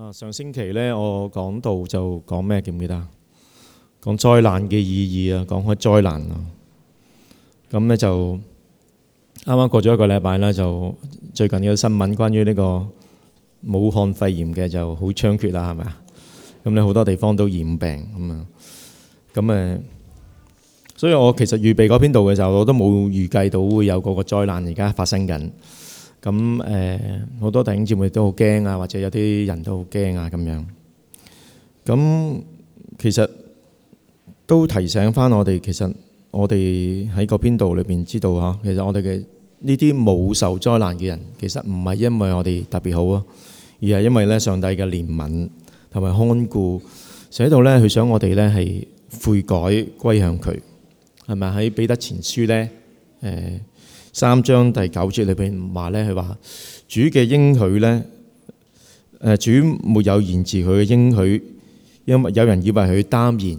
啊，上星期咧，我講道就講咩，記唔記得啊？講災難嘅意義啊，講開災難啊。咁咧就啱啱過咗一個禮拜啦，就最近有個新聞關於呢個武漢肺炎嘅就好猖獗啦，係咪啊？咁咧好多地方都染病咁啊。咁誒，所以我其實預備嗰篇道嘅時候，我都冇預計到會有嗰個災難而家發生緊。咁誒，好、呃、多弟兄姊妹都好驚啊，或者有啲人都好驚啊，咁樣。咁其實都提醒翻我哋，其實我哋喺個篇度裏邊知道嚇，其實我哋嘅呢啲冇受災難嘅人，其實唔係因為我哋特別好啊，而係因為咧上帝嘅憐憫同埋看顧，寫到咧佢想我哋咧係悔改歸向佢，係咪喺彼得前書咧誒？呃三章第九節裏面話呢，佢話主嘅應許呢，主沒有延遲佢嘅應許，因為有人以為佢擔言，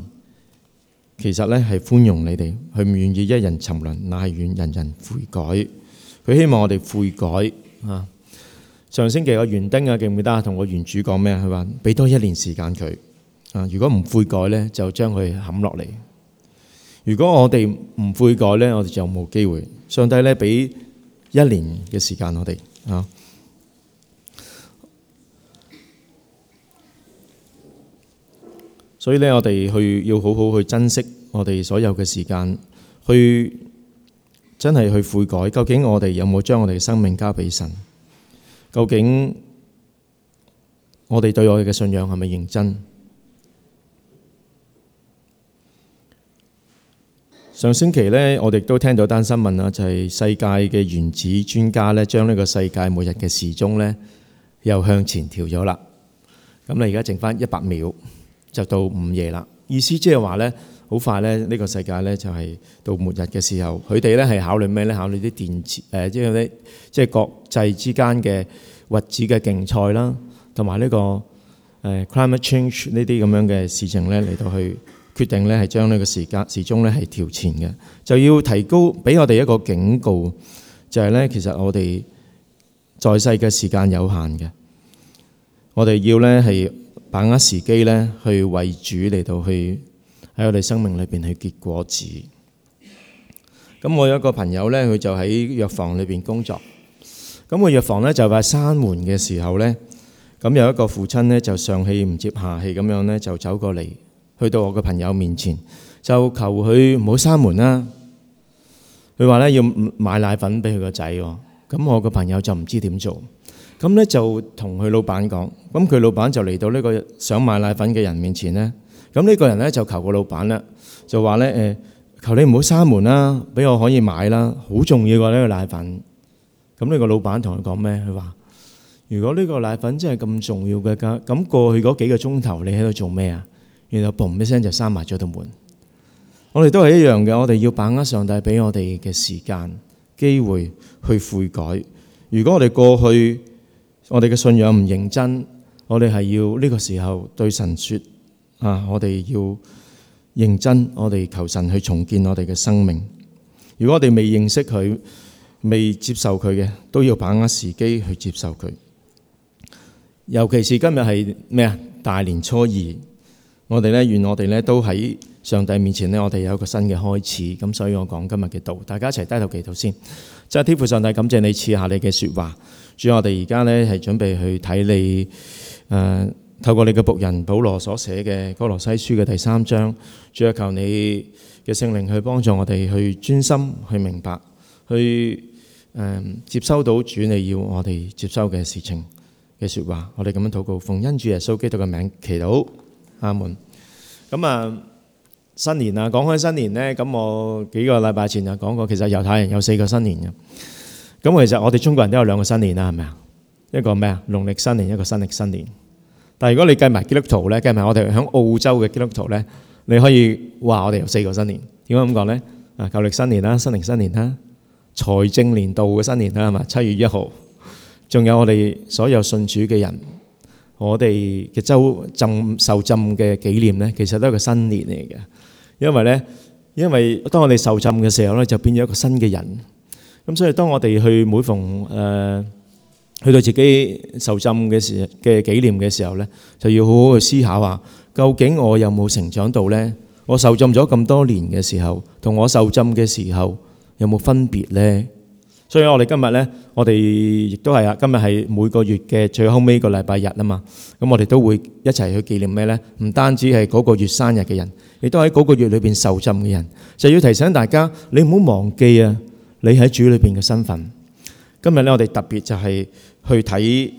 其實呢係寬容你哋，佢唔願意一人沉淪，乃願人人悔改。佢希望我哋悔改啊！上星期個園丁啊記唔記得同個園主講咩？佢話俾多一年時間佢啊，如果唔悔改呢，就將佢冚落嚟。如果我哋唔悔改咧，我哋就冇機會。上帝咧畀一年嘅時間我哋啊，所以咧我哋去要好好去珍惜我哋所有嘅時間，去真係去悔改。究竟我哋有冇將我哋嘅生命交畀神？究竟我哋對我哋嘅信仰係咪認真？上星期咧，我哋都聽到單新聞啦，就係世界嘅原子專家咧，將呢個世界末日嘅時鐘咧，又向前調咗啦。咁你而家剩翻一百秒，就到午夜啦。意思即係話咧，好快咧，呢個世界咧就係到末日嘅時候。佢哋咧係考慮咩咧？考慮啲電子誒、呃，即係啲即係國際之間嘅核子嘅競賽啦，同埋呢個誒、呃、climate change 呢啲咁樣嘅事情咧嚟到去。決定呢係將呢個時間時鐘呢係調前嘅，就要提高俾我哋一個警告，就係呢其實我哋在世嘅時間有限嘅，我哋要呢係把握時機呢去為主嚟到去喺我哋生命裏邊去結果子。咁我有一個朋友呢，佢就喺藥房裏邊工作，咁個藥房呢就快閂門嘅時候呢，咁有一個父親呢就上氣唔接下氣咁樣呢就走過嚟。去到我個朋友面前，就求佢唔好閂門啦。佢話咧要買奶粉俾佢個仔，咁我個朋友就唔知點做，咁咧就同佢老闆講。咁佢老闆就嚟到呢個想買奶粉嘅人面前咧。咁呢個人咧就求個老闆啦，就話咧誒，求你唔好閂門啦，俾我可以買啦，好重要嘅呢個奶粉。咁呢個老闆同佢講咩？佢話，如果呢個奶粉真係咁重要嘅，咁過去嗰幾個鐘頭你喺度做咩啊？然後砰一聲就閂埋咗道門我們。我哋都係一樣嘅，我哋要把握上帝俾我哋嘅時間機會去悔改。如果我哋過去我哋嘅信仰唔認真，我哋係要呢個時候對神説啊，我哋要認真，我哋求神去重建我哋嘅生命。如果我哋未認識佢、未接受佢嘅，都要把握時機去接受佢。尤其是今日係咩啊？大年初二。我哋咧，願我哋咧都喺上帝面前呢，我哋有一個新嘅開始。咁所以我講今日嘅道，大家一齊低頭祈禱先。真係天父上帝，感謝你賜下你嘅説話。主，我，我哋而家咧係準備去睇你誒、呃，透過你嘅僕人保羅所寫嘅哥羅西書嘅第三章。主啊，求你嘅聖靈去幫助我哋去專心去明白，去誒、呃、接收到主你要我哋接收嘅事情嘅説話。我哋咁樣禱告，奉恩主耶穌基督嘅名祈禱，阿門。咁啊，新年啊，講開新年咧，咁我幾個禮拜前就講過，其實猶太人有四個新年嘅。咁其實我哋中國人都有兩個新年啦，係咪啊？一個咩啊？農曆新年，一個新曆新年。但係如果你計埋基督徒咧，計埋我哋響澳洲嘅基督徒咧，你可以話我哋有四個新年。點解咁講咧？啊，舊曆新年啦，新曆新年啦，財政年度嘅新年啦，係咪？七月一號，仲有我哋所有信主嘅人。我哋嘅遭浸受浸嘅紀念咧，其實都係個新年嚟嘅，因為咧，因為當我哋受浸嘅時候咧，就變咗一個新嘅人。咁所以當我哋去每逢誒去到自己受浸嘅時嘅紀念嘅時候咧，就要好好去思考話，究竟我有冇成長到咧？我受浸咗咁多年嘅時候，同我受浸嘅時候有冇分別咧？所以我哋今日咧，我哋亦都係啊，今日係每個月嘅最後尾個禮拜日啊嘛。咁我哋都會一齊去紀念咩咧？唔單止係嗰個月生日嘅人，亦都喺嗰個月裏邊受浸嘅人，就要提醒大家，你唔好忘記啊！你喺主裏邊嘅身份。今日咧，我哋特別就係去睇誒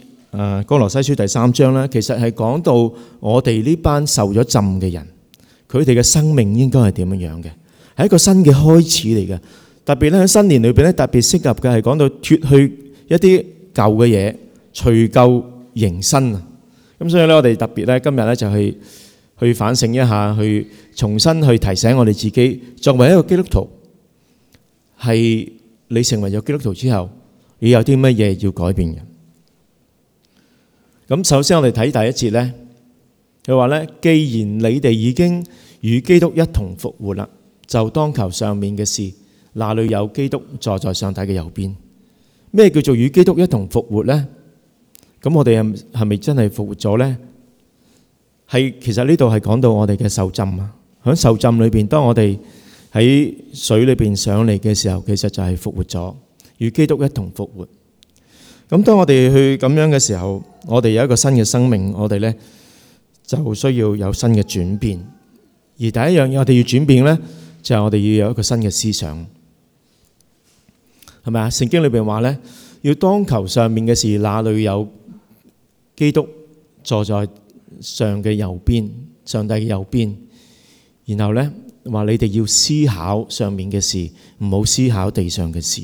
《哥羅西書》第三章啦。其實係講到我哋呢班受咗浸嘅人，佢哋嘅生命應該係點樣樣嘅？係一個新嘅開始嚟嘅。特別呢喺新年裏面呢，特別適合嘅係講到脫去一啲舊嘅嘢，除舊迎新啊。咁所以呢，我哋特別呢今日呢就係去反省一下，去重新去提醒我哋自己，作為一個基督徒，係你成為咗基督徒之後，你有啲乜嘢要改變嘅？咁首先我哋睇第一節呢，佢話呢，既然你哋已經與基督一同復活啦，就當求上面嘅事。那裏有基督坐在上帝嘅右邊。咩叫做與基督一同復活呢？咁我哋係咪真係復活咗呢？係，其實呢度係講到我哋嘅受浸啊。喺受浸裏面，當我哋喺水裏面上嚟嘅時候，其實就係復活咗，與基督一同復活。咁當我哋去咁樣嘅時候，我哋有一個新嘅生命，我哋呢就需要有新嘅轉變。而第一樣嘢我哋要轉變咧，就係、係、我哋要有一個新嘅思想。係咪啊？聖經裏邊話咧，要當求上面嘅事，哪裡有基督坐在上嘅右邊，上帝嘅右邊？然後呢，話你哋要思考上面嘅事，唔好思考地上嘅事。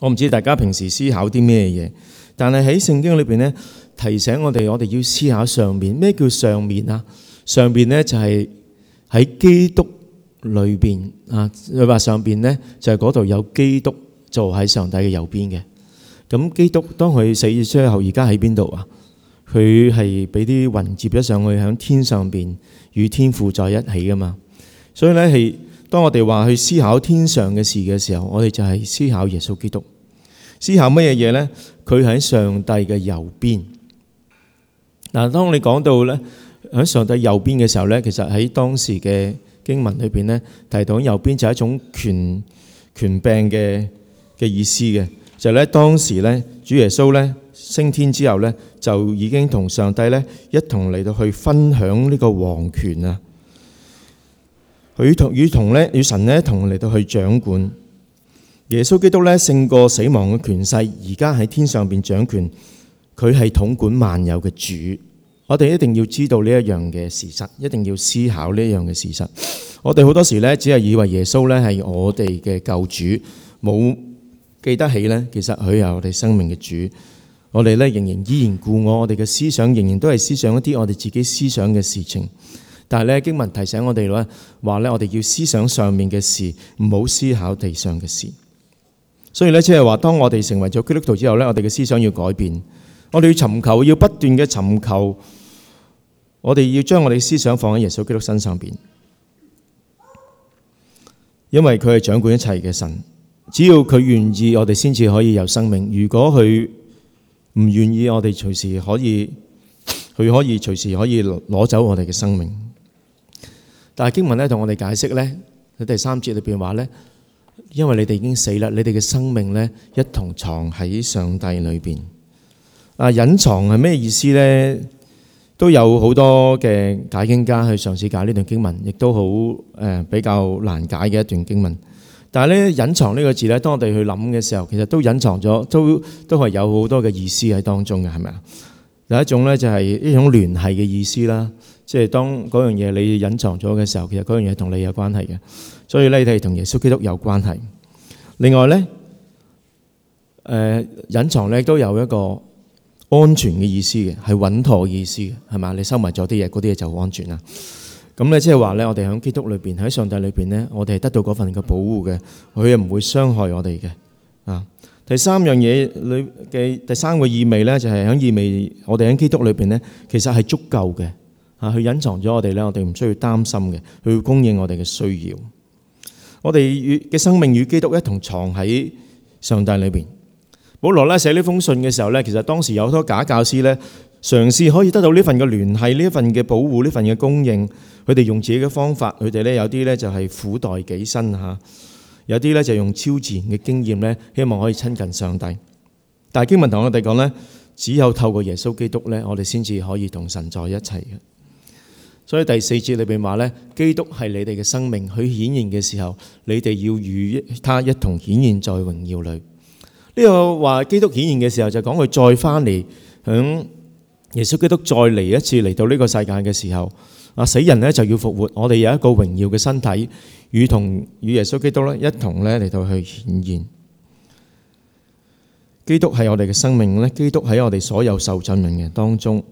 我唔知大家平時思考啲咩嘢，但係喺聖經裏面咧，提醒我哋，我哋要思考上面。咩叫上面啊？上面咧就係喺基督。裏邊啊，或上邊咧，就係嗰度有基督坐喺上帝嘅右邊嘅。咁基督當佢死咗之後，現在在哪裡，而家喺邊度啊？佢係俾啲雲接咗上去，響天上邊與天父在一起噶嘛。所以咧係，當我哋話去思考天上嘅事嘅時候，我哋就係思考耶穌基督。思考乜嘢嘢咧？佢喺上帝嘅右邊。嗱，當你講到咧喺上帝右邊嘅時候咧，其實喺當時嘅。經文裏邊呢，提到右邊就係一種權權柄嘅嘅意思嘅，就咧、是、當時咧，主耶穌咧升天之後咧，就已經同上帝咧一同嚟到去分享呢個王權啊！與同與同咧與神咧同嚟到去掌管，耶穌基督咧勝過死亡嘅權勢，而家喺天上邊掌權，佢係統管萬有嘅主。我哋一定要知道呢一樣嘅事實，一定要思考呢一樣嘅事實。我哋好多時咧，只係以為耶穌咧係我哋嘅救主，冇記得起咧。其實佢係我哋生命嘅主。我哋咧仍然依然故我，我哋嘅思想仍然都係思想一啲我哋自己思想嘅事情。但係咧經文提醒我哋咧，話咧我哋要思想上面嘅事，唔好思考地上嘅事。所以呢，即係話，當我哋成為咗基督徒之後呢，我哋嘅思想要改變，我哋要尋求，要不斷嘅尋求。我哋要將我哋思想放喺耶穌基督身上邊，因為佢係掌管一切嘅神。只要佢願意，我哋先至可以有生命。如果佢唔願意，我哋隨時可以，佢可以隨時可以攞走我哋嘅生命。但係經文咧同我哋解釋咧，佢第三節裏邊話咧，因為你哋已經死啦，你哋嘅生命咧一同藏喺上帝裏邊。啊，隱藏係咩意思咧？都有好多嘅解經家去嘗試解呢段經文，亦都好誒比較難解嘅一段經文。但係咧，隱藏呢個字咧，當我哋去諗嘅時候，其實都隱藏咗，都都係有好多嘅意思喺當中嘅，係咪啊？第一種咧就係一種聯繫嘅意思啦，即係當嗰樣嘢你隱藏咗嘅時候，其實嗰樣嘢同你有關係嘅。所以咧，你哋同耶穌基督有關係。另外咧，誒隱藏咧都有一個安全嘅意思嘅，係穩妥嘅意思，係嘛？你收埋咗啲嘢，嗰啲嘢就好安全啦。咁咧，即係話咧，我哋喺基督裏邊，喺上帝裏邊咧，我哋係得到嗰份嘅保護嘅，佢又唔會傷害我哋嘅。啊，第三樣嘢裏嘅第三個意味咧，就係響意味我哋響基督裏邊咧，其實係足夠嘅啊，去隱藏咗我哋咧，我哋唔需要擔心嘅，佢供應我哋嘅需要。我哋與嘅生命與基督一同藏喺上帝裏邊。保羅咧寫呢封信嘅時候咧，其實當時有好多假教師咧，嘗試可以得到呢份嘅聯繫、呢一份嘅保護、呢份嘅供應。佢哋用自己嘅方法，佢哋咧有啲咧就係苦待己身吓，有啲咧就用超自然嘅經驗咧，希望可以親近上帝。但係經文同我哋講咧，只有透過耶穌基督咧，我哋先至可以同神在一齊嘅。所以第四節裏邊話咧，基督係你哋嘅生命，佢顯現嘅時候，你哋要與他一同顯現在榮耀裏。呢個話基督顯現嘅時候就他，就講佢再翻嚟，響耶穌基督再嚟一次嚟到呢個世界嘅時候，啊死人咧就要復活，我哋有一個榮耀嘅身體，與同與耶穌基督咧一同咧嚟到去顯現。基督係我哋嘅生命咧，基督喺我哋所有受浸人嘅當中，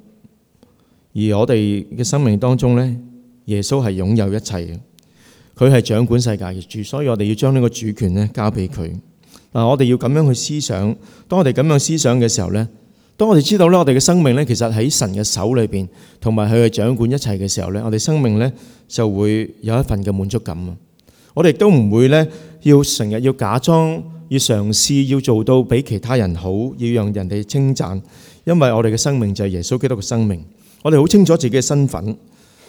而我哋嘅生命當中咧，耶穌係擁有一切嘅，佢係掌管世界嘅主，所以我哋要將呢個主權咧交俾佢。嗱，我哋要咁樣去思想。當我哋咁樣思想嘅時候咧，當我哋知道咧，我哋嘅生命咧，其實喺神嘅手裏邊，同埋佢嘅掌管一切嘅時候咧，我哋生命咧就會有一份嘅滿足感。我哋亦都唔會咧要成日要假裝，要嘗試要做到比其他人好，要讓人哋稱讚，因為我哋嘅生命就係耶穌基督嘅生命。我哋好清楚自己嘅身份，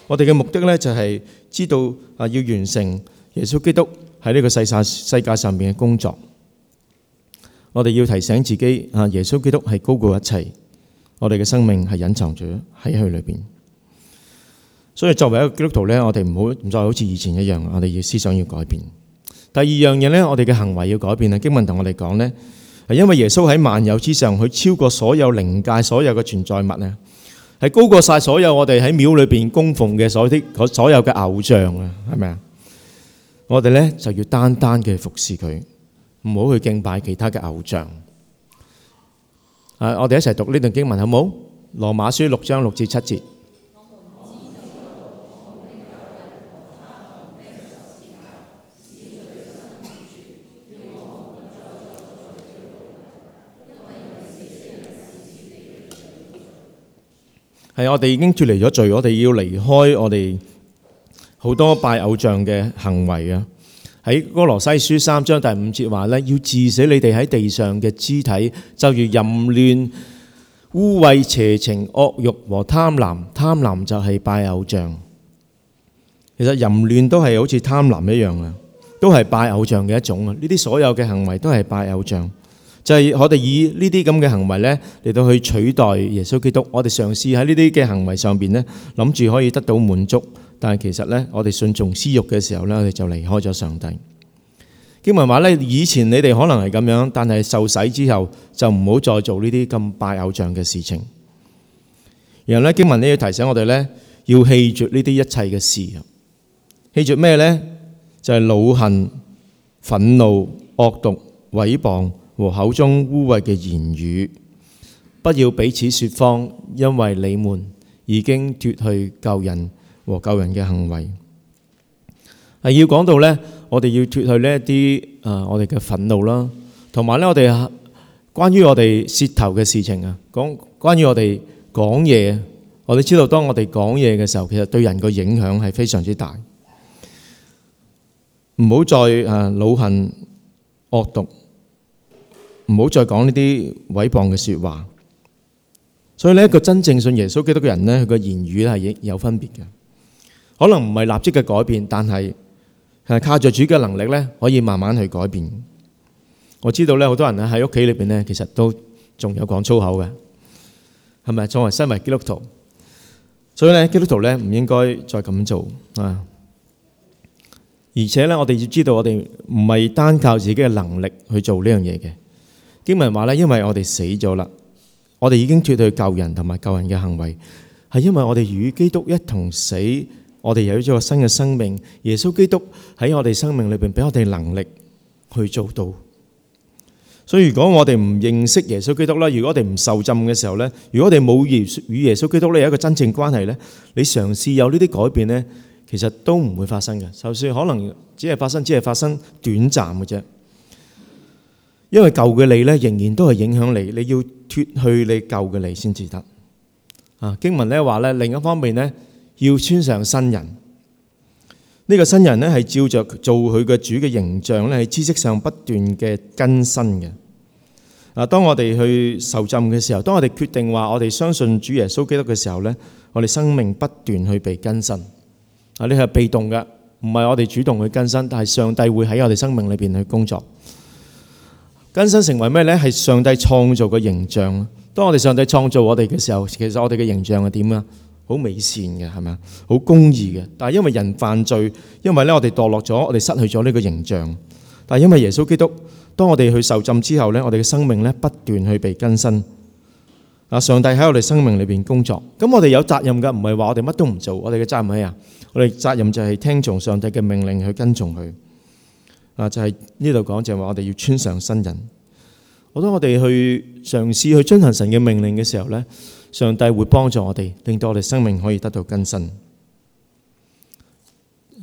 我哋嘅目的咧就係知道啊，要完成耶穌基督喺呢個世世世界上面嘅工作。我哋要提醒自己，啊，耶穌基督係高過一切，我哋嘅生命係隱藏住喺佢裏邊。所以作為一個基督徒咧，我哋唔好唔再好似以前一樣，我哋嘅思想要改變。第二樣嘢咧，我哋嘅行為要改變啊！經文同我哋講咧，係因為耶穌喺萬有之上，佢超過所有靈界所有嘅存在物咧，係高過晒所有我哋喺廟裏邊供奉嘅所啲、所所有嘅偶像啊，係咪啊？我哋咧就要單單嘅服侍佢。唔好去敬拜其他嘅偶像。誒，我哋一齊讀呢段經文，好唔好？羅馬書六章六至七節。係，我哋已經脫離咗罪，我哋要離開我哋好多拜偶像嘅行為啊！喺《哥羅西書》三章第五節話咧，要治死你哋喺地上嘅肢體，就如淫亂、污穢、邪情、惡欲和貪婪。貪婪就係拜偶像。其實淫亂都係好似貪婪一樣啊，都係拜偶像嘅一種啊。呢啲所有嘅行為都係拜偶像，就係我哋以呢啲咁嘅行為咧嚟到去取代耶穌基督。我哋嘗試喺呢啲嘅行為上邊咧，諗住可以得到滿足。但其實呢，我哋順從私欲嘅時候呢，我們就離開咗上帝。經文話呢，以前你哋可能係咁樣，但係受洗之後就唔好再做呢啲咁拜偶像嘅事情。然後呢，經文你要提醒我哋呢，要棄絕呢啲一切嘅事。棄絕咩呢？就係惱恨、憤怒、惡毒、誹謗和口中污穢嘅言語。不要彼此說謊，因為你們已經脫去舊人。和救人嘅行為係要講到咧，我哋要脱去呢一啲誒，我哋嘅憤怒啦，同埋咧，我哋關於我哋舌頭嘅事情啊，講關於我哋講嘢，我哋知道，當我哋講嘢嘅時候，其實對人嘅影響係非常之大。唔好再誒惱恨惡毒，唔好再講呢啲誹謗嘅說話。所以咧，一個真正信耶穌基督嘅人咧，佢嘅言語咧係有分別嘅。可能唔係立即嘅改變，但係誒，靠着主嘅能力咧，可以慢慢去改變。我知道咧，好多人咧喺屋企裏邊咧，其實都仲有講粗口嘅，係咪？作為身為基督徒，所以咧基督徒咧唔應該再咁做啊。而且咧，我哋要知道，我哋唔係單靠自己嘅能力去做呢樣嘢嘅。經文話咧，因為我哋死咗啦，我哋已經脫去舊人同埋舊人嘅行為，係因為我哋與基督一同死。我哋有咗個新嘅生命，耶穌基督喺我哋生命裏邊俾我哋能力去做到。所以如果我哋唔認識耶穌基督咧，如果我哋唔受浸嘅時候咧，如果我哋冇與耶穌基督咧有一個真正關係咧，你嘗試有呢啲改變咧，其實都唔會發生嘅。就算可能只係發生，只係發生短暫嘅啫。因為舊嘅你咧，仍然都係影響你，你要脫去你舊嘅你先至得。啊，經文咧話咧，另一方面咧。要穿上新人，呢個新人咧係照着做佢個主嘅形象咧，喺知識上不斷嘅更新嘅。啊，當我哋去受浸嘅時候，當我哋決定話我哋相信主耶穌基督嘅時候咧，我哋生命不斷去被更新。啊，呢係被動嘅，唔係我哋主動去更新，但係上帝會喺我哋生命裏邊去工作。更新成為咩咧？係上帝創造嘅形象。當我哋上帝創造我哋嘅時候，其實我哋嘅形象係點啊？好美善嘅係咪啊？好公義嘅，但係因為人犯罪，因為咧我哋墮落咗，我哋失去咗呢個形象。但係因為耶穌基督，當我哋去受浸之後咧，我哋嘅生命咧不斷去被更新。啊，上帝喺我哋生命裏邊工作，咁我哋有責任噶，唔係話我哋乜都唔做，我哋嘅責任係啊，我哋責任就係聽從上帝嘅命令去跟從佢。啊，就係呢度講就係話我哋要穿上新人。我當我哋去嘗試去遵行神嘅命令嘅時候咧。上帝會幫助我哋，令到我哋生命可以得到更新。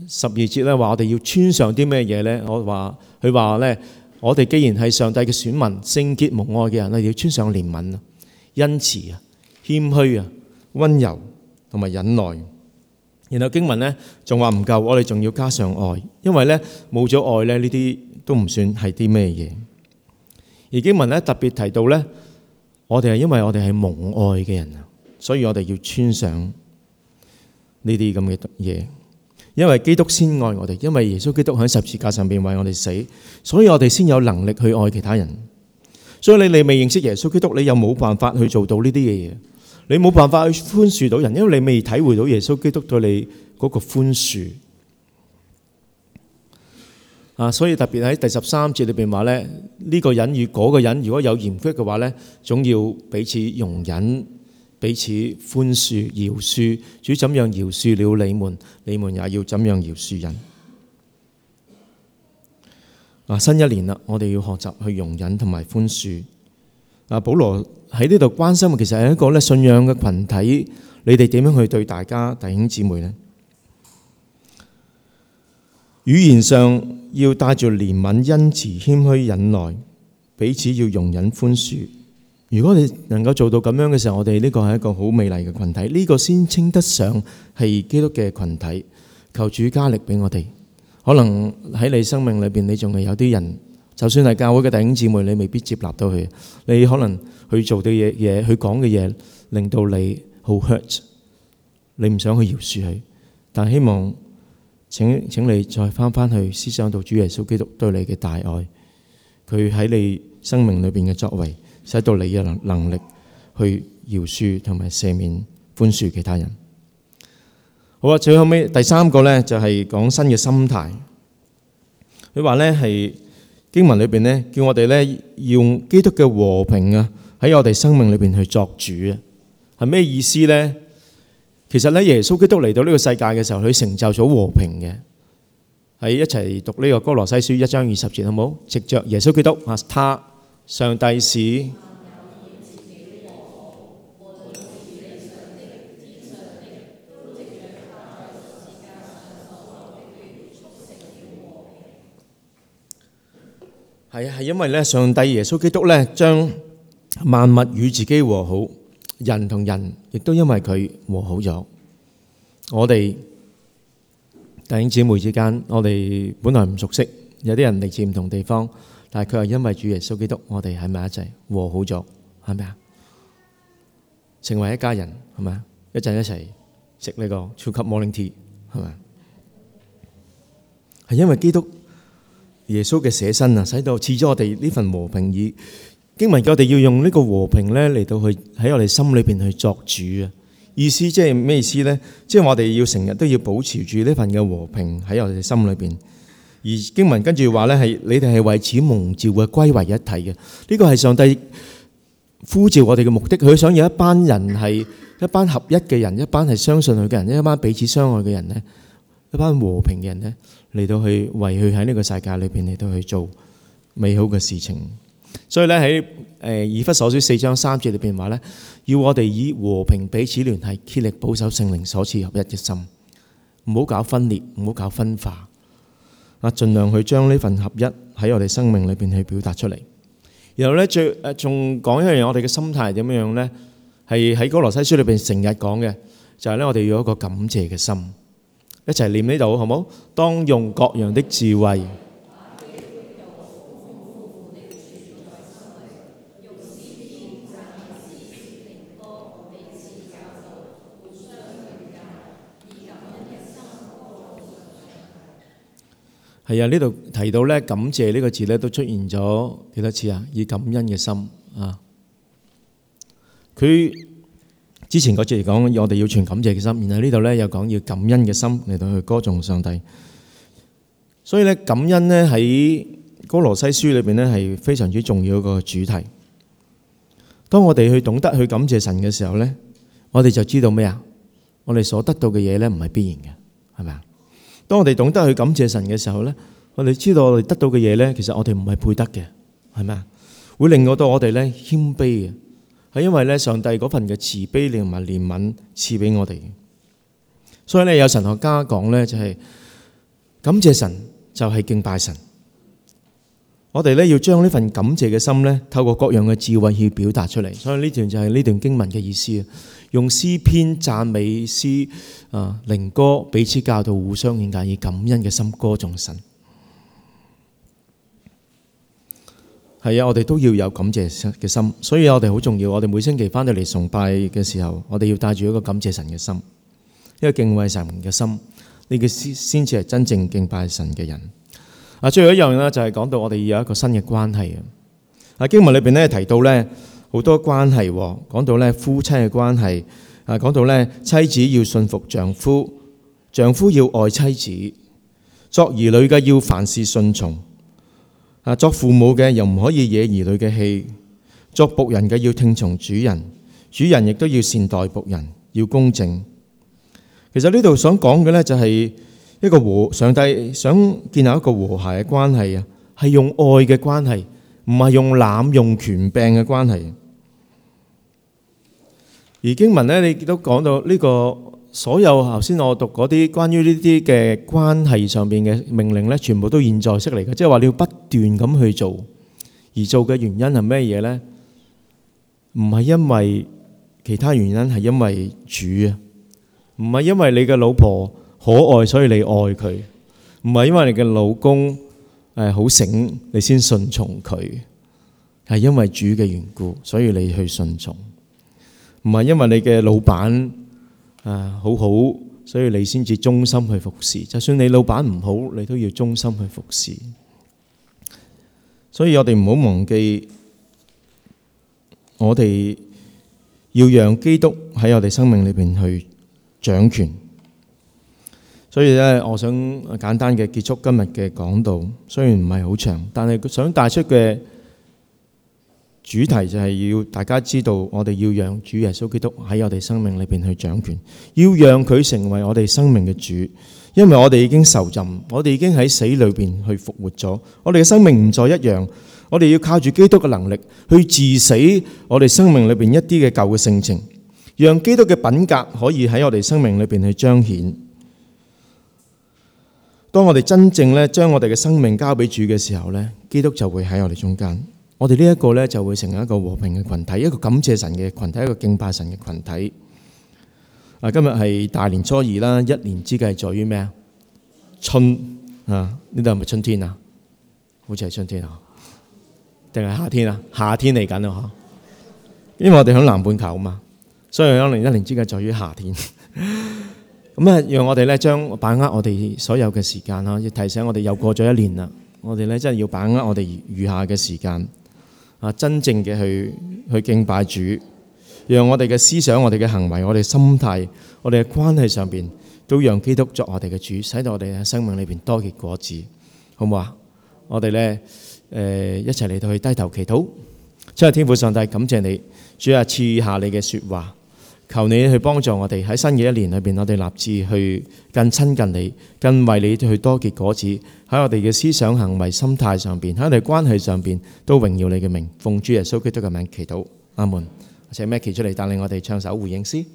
十二節咧話我哋要穿上啲咩嘢咧？我話佢話咧，我哋既然係上帝嘅選民，聖潔無愛嘅人啊，要穿上憐憫啊、恩慈啊、謙虛啊、溫柔同埋忍耐。然後經文咧仲話唔夠，我哋仲要加上愛，因為咧冇咗愛咧，呢啲都唔算係啲咩嘢。而經文咧特別提到咧。我哋係因為我哋係蒙愛嘅人啊，所以我哋要穿上呢啲咁嘅嘢。因為基督先愛我哋，因為耶穌基督喺十字架上面為我哋死，所以我哋先有能力去愛其他人。所以你你未認識耶穌基督，你又冇辦法去做到呢啲嘅嘢，你冇辦法去寬恕到人，因為你未體會到耶穌基督對你嗰個寬恕。啊，所以特別喺第十三節裏面話咧，呢、這個人與嗰個人如果有嫌隙嘅話呢，總要彼此容忍、彼此寬恕、饒恕。主怎樣饒恕了你們，你們也要怎樣饒恕人。啊，新一年啦，我哋要學習去容忍同埋寬恕。啊，保羅喺呢度關心嘅其實係一個咧信仰嘅群體，你哋點樣去對大家弟兄姊妹呢？語言上要帶住憐憫、恩慈、謙虛、忍耐，彼此要容忍、寬恕。如果你能夠做到咁樣嘅時候，我哋呢個係一個好美麗嘅群體，呢、這個先稱得上係基督嘅群體。求主加力俾我哋。可能喺你生命裏面，你仲係有啲人，就算係教會嘅弟兄姊妹，你未必接納到佢。你可能佢做嘅嘢嘢，佢講嘅嘢，令到你好 hurt，你唔想去饒恕佢，但希望。請請你再，翻翻去思想到主耶穌基督對你嘅大愛，佢喺你生命裏邊嘅作為，使到你有能力去饒恕同埋赦免寬恕其他人。好啊，最後尾第三個呢，就係講新嘅心態。佢話呢係經文裏邊呢，叫我哋呢要用基督嘅和平啊喺我哋生命裏邊去作主啊，係咩意思呢？其實咧，耶穌基督嚟到呢個世界嘅時候，佢成就咗和平嘅。喺一齊讀呢個歌羅西書一章二十節，好冇？藉着耶穌基督啊，他上帝使係啊，係因為咧，上帝耶穌基督咧，將萬物與自己和好。人同人亦都因為佢和好咗。我哋弟兄姊妹之間，我哋本來唔熟悉，有啲人嚟自唔同地方，但係佢係因為主耶穌基督，我哋喺埋一齊和好咗，係咪啊？成為一家人，係咪啊？一陣一齊食呢個超級 morning tea，係咪啊？係因為基督耶穌嘅捨身啊，使到賜咗我哋呢份和平與。.經文叫我哋要用呢個和平咧嚟到去喺我哋心裏邊去作主啊！意思即係咩意思咧？即係我哋要成日都要保持住呢份嘅和平喺我哋心裏邊。而經文跟住話咧，係你哋係為此蒙召嘅歸為一體嘅。呢個係上帝呼召我哋嘅目的，佢想有一班人係一班合一嘅人，一班係相信佢嘅人，一班彼此相愛嘅人咧，一班和平嘅人咧，嚟到去為佢喺呢個世界裏邊嚟到去做美好嘅事情。所以咧，喺《誒以弗所書》四章三節裏邊話咧，要我哋以和平彼此聯繫，竭力保守聖靈所賜合一嘅心，唔好搞分裂，唔好搞分化。啊，儘量去將呢份合一喺我哋生命裏邊去表達出嚟。然後咧，最誒仲講一樣嘢，我哋嘅心態點樣樣咧？係喺《哥羅西書》裏邊成日講嘅，就係、是、咧我哋要一個感謝嘅心，一齊唸呢度好冇好？當用各樣的智慧。係啊，呢度提到咧，感謝呢個字咧都出現咗幾多次啊，以感恩嘅心啊，佢之前嗰節嚟講，我哋要存感謝嘅心，然後呢度咧又講要感恩嘅心嚟到去歌頌上帝。所以咧，感恩咧喺歌羅西書裏面咧係非常之重要一個主題。當我哋去懂得去感謝神嘅時候咧，我哋就知道咩啊？我哋所得到嘅嘢咧唔係必然嘅，係咪啊？當我哋懂得去感謝神嘅時候咧，我哋知道我哋得到嘅嘢咧，其實我哋唔係配得嘅，係咪啊？會令到我哋謙卑嘅，係因為上帝嗰份嘅慈悲同憐憫賜畀我哋。所以咧，有神學家講咧就係，感謝神就係敬拜神。我哋要將呢份感謝嘅心透過各樣嘅智慧去表達出嚟。所以呢段就係呢段經文嘅意思，用詩篇讚美詩啊，靈歌彼此教導，互相勉解，以感恩嘅心歌頌神。係啊，我哋都要有感謝嘅心，所以我哋好重要。我哋每星期翻到嚟崇拜嘅時候，我哋要帶住一個感謝神嘅心，一個敬畏神嘅心，呢個先先至係真正敬拜神嘅人。啊，最後一樣呢，就係講到我哋要有一個新嘅關係啊！經文裏邊咧提到咧好多關係喎，講到咧夫妻嘅關係啊，講到咧妻子要順服丈夫，丈夫要愛妻子，作兒女嘅要凡事順從啊，作父母嘅又唔可以惹兒女嘅氣，作僕人嘅要聽從主人，主人亦都要善待僕人，要公正。其實呢度想講嘅咧就係，一個和上帝想建立一個和諧嘅關係啊，係用愛嘅關係，唔係用濫用權柄嘅關係。而經文呢，你都講到呢個所有，頭先我讀嗰啲關於呢啲嘅關係上面嘅命令呢，全部都現在式嚟嘅，即係話你要不斷咁去做，而做嘅原因係咩嘢呢？唔係因為其他原因，係因為主啊，唔係因為你嘅老婆。可愛，所以你愛佢，唔係因為你嘅老公誒好醒，你先順從佢，係因為主嘅緣故，所以你去順從，唔係因為你嘅老闆誒好好，所以你先至忠心去服侍。就算你老闆唔好，你都要忠心去服侍。所以我哋唔好忘記，我哋要讓基督喺我哋生命裏面去掌權。所以咧，我想簡單嘅結束今日嘅講道。雖然唔係好長，但係想帶出嘅主題就係要大家知道，我哋要讓主耶穌基督喺我哋生命裏邊去掌權，要讓佢成為我哋生命嘅主。因為我哋已經受浸，我哋已經喺死裏邊去復活咗，我哋嘅生命唔再一樣。我哋要靠住基督嘅能力去治死我哋生命裏邊一啲嘅舊嘅性情，讓基督嘅品格可以喺我哋生命裏邊去彰顯。當我哋真正咧將我哋嘅生命交俾主嘅時候咧，基督就會喺我哋中間。我哋呢一個咧就會成為一個和平嘅群體，一個感謝神嘅群體，一個敬拜神嘅群體。啊，今日係大年初二啦，一年之計在於咩啊？春啊，呢度係咪春天啊？好似係春天啊？定係夏天啊？夏天嚟緊啊！因為我哋響南半球啊嘛，所以響零一年之計在於夏天。讓我們將把握我哋所有嘅時間，提醒我哋又過咗一年啦。我哋真係要把握我哋餘下嘅時間啊，真正嘅去去敬拜主，讓我哋嘅思想、我哋嘅行為、我哋嘅心態、我哋嘅關係上面，都讓基督作我哋嘅主，使到我哋喺生命裏面多結果子，好唔好啊？我哋呢，一齊嚟到去低頭祈禱，真係天父上帝，感謝你，主要賜下你嘅說話。求你去幫助我哋喺新嘅一年裏面，我哋立志去更親近你，更為你去多結果子。喺我哋嘅思想、行為心態、心態上面，喺我哋關係上面，都榮耀你嘅名。奉主耶穌基督嘅名祈禱，阿門。我請 Maggie 出嚟帶領我哋唱首回應詩。